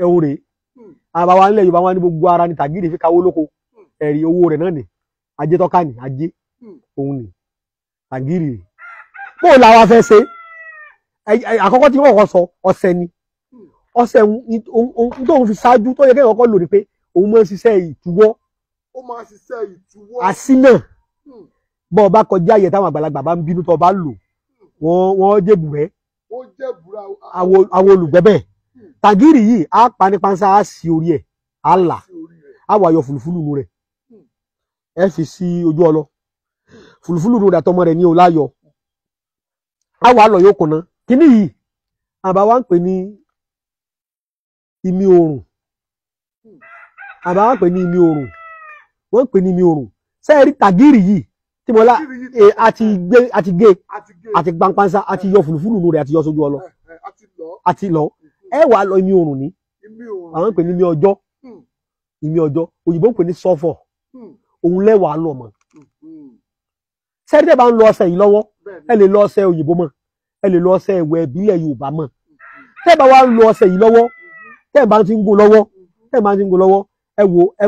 ẹ̀wò rèé àbá wa nílẹ̀ yorùbá wa ní gbogbo ara ni tàgìrì fi kawó lóko hmm. ẹ̀rí owó rẹ̀ náà ni ajé tọ́ka ni ajé hmm. òun ni tàgìrì rè bó o làwa fẹ́ ṣe àkọ́kọ́ tí wọ́n kọ́ sọ ọ̀sẹ̀ ni hmm. ọ̀sẹ̀ n tóun fi ṣáájú tó yẹ kéèyàn kọ́ lò ní pé òun máa ń ṣiṣẹ́ ìtúwọ́ ó máa ń ṣiṣẹ́ ìtúwọ́ àsínà bọ́ ọ bá kọjá ayẹ táwọn àgbàlagbà bá ń bínú tó o bá lò wọ́n jẹ̀bù rẹ̀ àwọn olùgbẹ́bẹ̀ tàgírì yìí á panipansa á sí orí ẹ̀ á là á wà yọ fùlùfùlù nu rẹ̀ ẹ fi sí ojú ọlọ fùlùfùlù nu dàtọ́ ọmọ rẹ̀ ní o láyọ á wà lọ yóò kùnà kíní yìí àbá wa ń pè ní imi oòrùn àbá wa ń pè ní imi oòrùn wọ́n ń pè ní imi oòrùn sẹ́ẹ̀rí tàgírì yìí tí àti e, gbé àti gé àti gbanpansa àti yọ fùlùfùlù nu rẹ̀ àti yọ sójú ọlọ àti lọ ẹ wà lọ imi oòrùn ní àwọn ń ní ọjọ́ ìmí ọjọ́ hmm. hmm. lọ mọ. Hmm. sẹ́rí tẹ́ bá ń lọ ọṣẹ yìí lọ́wọ́ ẹ lè lọ ọṣẹ òyìnbó mọ̀ ẹ lè lọ bá ń lọ ọṣẹ yìí lọ́wọ́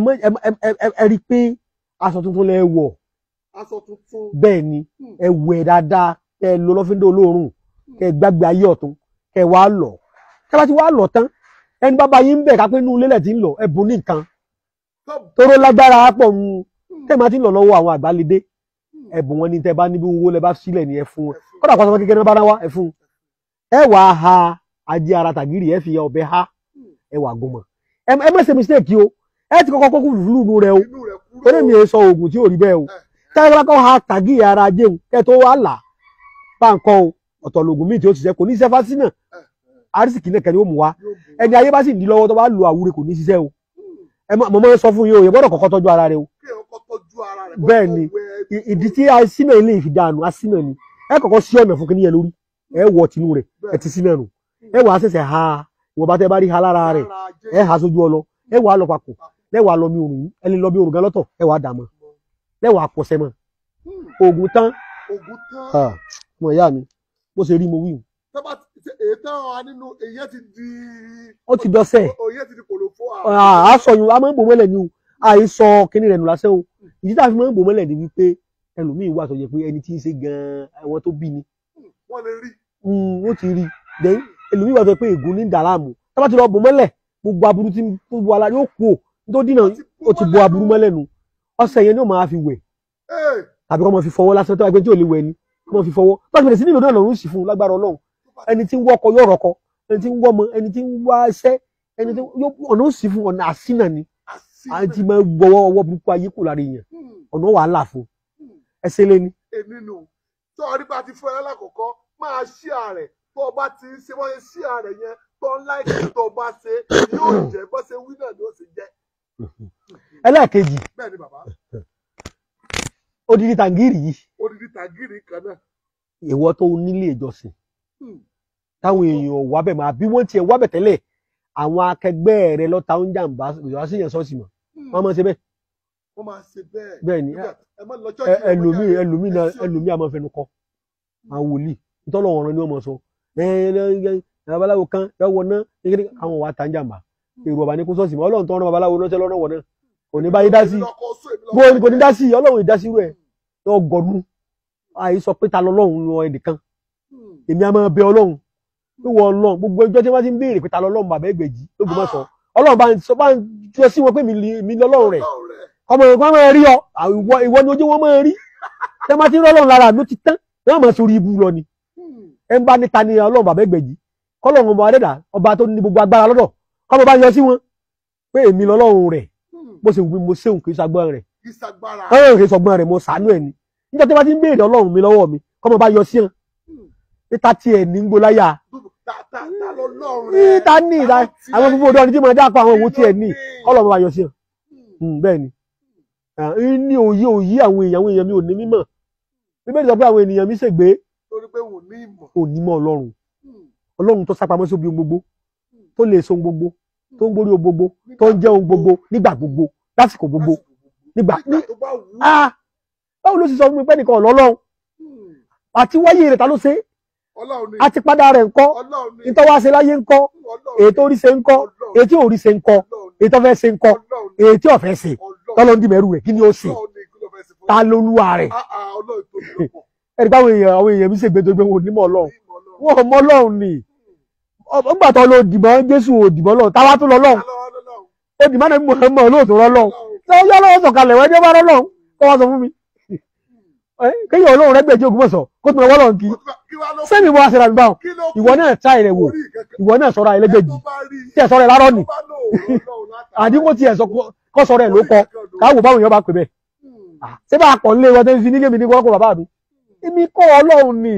ẹ i pé aṣọ tuntun lẹ wọ̀ bẹ́ẹ̀ ni ẹ wẹ̀ dáadáa kẹ́ ẹ lọ ayé ọ̀tún tẹ́bá ti wá lọ tán ẹni bàbá yín ń bẹ̀ kápẹ́ inú lélẹ̀ tí ń lọ ẹ̀bùn ní nǹkan tóró lágbára pọ̀ ń tẹ́ẹ̀má ti ń lọ lọ́wọ́ àwọn àgbálédé ẹ̀bùn wọn ni tẹ́ẹ̀bá níbi owó lẹ́bá sílẹ̀ ni ẹ fún wọn kọ́dà kọ́sọ́ wọn kékeré bá náwá ẹ fún un ẹ wà á ha ajé ara tàgírì ẹ fi ọbẹ̀ ha ẹ wà gọmọ ẹ má ṣe mistake o ẹ ti kọ́kọ́ kókó lùlù rẹ o eré mi sọ oògùn tí ò rí bẹ́ẹ̀ o eh, eh. tẹ́ẹ̀bá ha tàgírì ara ajéun kẹ́ tó wà là bá ń kọ́ o àrísìkì nìkan ni ó mú wa ẹni ayé bá sì ní lọ́wọ́ tó bá lo àwúre kò ní ṣiṣẹ́ o hmm. mo máa ń sọ fún yín o yẹ gbọ́dọ̀ kọ́kọ́ tọ́jú ara rẹ o bẹ́ẹ̀ ni ìdí tí asínà ilé ìfidànù asínà ni ẹ kọ́kọ́ sí ọ̀nà fún kíníyẹn lórí ẹ wọ tinú rẹ ẹ ti sínà nù ẹ wàá ṣẹ̀ṣẹ̀ ha ìwọ̀n bá tẹ bá rí ha lára rẹ ẹ ha sójú ọlọ ẹ wàá lọ papọ̀ lẹ́wàá hmm. lọ mi òrùn ẹ lè lọ mi òrùn gan lọ́tọ̀ ẹ wàá dà mọ́ lẹ́wàá pọ̀sẹ̀ mọ́ hmm. oògùn tán oògùn tán ọmọ ìyá mi bó ṣe rí mo wí o èyí táwọn anínú èyí ti di. ó ti dọ́sẹ̀. òye ti di kòlòfó. àásọ yìí a máa ń bò mọ́lẹ̀ ni o àìsọ kíní rẹ̀ nù lásán o ìdí tá a fi máa ń bò mọ́lẹ̀ ni wípé ẹlòmíín wà tó jẹ pé ẹni tí ń ṣe gan-an àwọn tó bí ni. Hmm, wọ́n lè rí. Hmm, wọ́n ti rí then ẹlòmíín wà tó jẹ pé ègún ní dàlámù tábà ti lọ bò mọ́lẹ̀ gbogbo aburú tí gbogbo ala yóò kú o tó dínà o ti bo aburú mọ́lẹ̀ nu ọṣẹ yẹn ni ó máa fi wẹ̀ tàbí kọ́ máa fi fọwọ́ lásán tó wà pé tí ò lè wẹ̀ ni máa fi fọwọ́ bá a ti bẹ̀rẹ̀ sí nílò náà lọ́rùn sì fún lágbára Ọlọ́run ẹni tí ń wọ́kọ yóò rọ́kọ ẹni tí ń wọ́mọ ẹni tí ń wá ẹsẹ́ ẹni tí ọ̀nà ó sì fún ọ̀nà àsínà ni àti máa gbọ́wọ́ ọwọ́ burúkú ayé kò lára èèyàn hmm. ọ̀nà wàhálà fún hmm. ẹsẹ̀ lẹ́ni. èmi nù tó ọrí bá ti fún ẹ lákòókọ́ máa ṣí ààrẹ tó o bá ti ń ṣe wọ́n ṣe ṣí ààrẹ yẹn tó ń láìpẹ́ tó o ṣe yóò jẹ́ bó ṣe wí ni ó ṣe jẹ́. ẹlẹ́ẹ̀kejì odidi tàǹgìrì yìí odidi tàǹgìrì kan náà ìwọ tó nílé ìjọsìn hmm táwọn èèyàn wábẹ̀ mọ́ àbí wọ́n tiẹ̀ wábẹ̀ tẹ́lẹ̀ àwọn akẹgbẹ́ rẹ lọ́ta ń jàǹbá ìjọba sí yẹn sọ́ọ̀sì mọ̀ hmm. wọ́n máa ṣe bẹ́ẹ̀. wọ́n máa ṣe bẹ́ẹ̀. bẹ́ẹ̀ ni ẹlòmíì ẹlòmíì náà ẹlòmíì àmọ́ fẹnu kọ àwọn wòlíì ntọ́lọ̀ ọ̀rọ̀ ni wọ́n mọ̀ sọ babaláwo kan yọwọ ná kékeré àwọn wa ta ń jàǹbá hmm. èrò ọ̀bà ní kó sọ́ọ̀sì mọ́ ọlọ́run tó ń rán babaláwo lọ́sẹ̀ náà kò ní wíwọ ọlọ́run gbogbo ẹjọ́ tí wọ́n ti ń béèrè pé ta lọ́lọ́run bàbá ẹgbẹ̀jì lóògùn mọ́sán ọlọ́run bá ń sọ bá ń jọ sí wọn pé mi lọ́lọ́run rẹ̀ ọmọ ìwọ máa rí ọ ìwọ ni ojú wọn máa rí tẹ́ máa ti ń rọ́lọ́run lára ló ti tán ní wọ́n máa sórí ibu lọ ni ẹ ń bá níta ni ọlọ́run bàbá ẹgbẹ̀jì kọ́lọ́run ọba adẹ́dà ọba tó ní gbogbo agbára lọ́dọ̀ kọ́mọ bá yọ sí wọn pé èmi lọ́lọ́run rẹ̀ mo ṣe wù mo ṣéun kì í ṣàgbọ́n rẹ̀ ọ̀rọ̀ kì í ṣọgbọ́n mo ta mm. ní ìdá mm, àwọn gbogbo ọdọ ni tí mo dá pa àwọn owó tí ẹ ní kọlọ bàbá yọ sí ọ hmm. mm, bẹ́ẹ̀ ni ní òye òye àwọn èèyàn àwọn èèyàn mi ò ní mímọ̀ bíbélì sọ pé àwọn ènìyàn mi ṣègbé onímọ̀ Ọlọ́run hmm. Ọlọ́run tó sápamọ́ sí obi ohun gbogbo hmm. tó lè so ohun gbogbo tó ń gbórí ohun gbogbo tó ń jẹ ohun gbogbo nígbà gbogbo lásìkò gbogbo nígbà ah! báwo ló sì sọ fún mi pé nìkan ọlọ́lọ́run àti wáyé rẹ̀ ta ló ṣe é àti padà rẹ̀ ńkọ́ ìtọ́ wá ṣe láyé ńkọ́ ètò orí ṣe ńkọ́ ètò orí ṣe ńkọ́ ètò ọ̀fẹ́ ṣe ńkọ́ ètò ọ̀fẹ́ ṣe tọ́lọ́ ń dìbẹ̀rù rẹ̀ kí ni ó ṣe ta lolúwa rẹ̀ ah, ah, ẹ̀rí báwọn èèyàn àwọn èèyàn mi ṣe gbẹdọ̀ gbẹ wọn onímọ̀ ọlọ́run wọn ò mọ ọlọ́run ni nígbà tó lọ dìbọn jésù ò dìbọn lọ táwa tó lọ lọ́run ó náà mọ̀ ọ́ lóòótọ́ lọ́run Eh, kéèyàn olóhùn rẹ́gbẹ̀jì Ògbómọ̀ṣọ́ kó tún lọ wọ́lọ̀ nkí sẹ́mi wọ́n aṣèrà bíbá ìwọ náà ta ẹ̀rẹ̀ wò ìwọ náà sọ̀rọ̀ ẹlẹ́gbẹ̀jì tí ẹ̀ sọ̀rọ̀ ẹ̀ lárọ́ nì àdínkù tí ẹ̀ sọ kọ́ sọ̀rọ̀ ẹ̀ ló kọ káwọ̀ báwọn èèyàn bá pè bẹ́ẹ̀ hmm. ah, ṣé bá a pọ̀ nílé wọn tó ń fi nílé mi ní wọ́n kó bàbá mi èmi kọ́ Ọlọ́run ni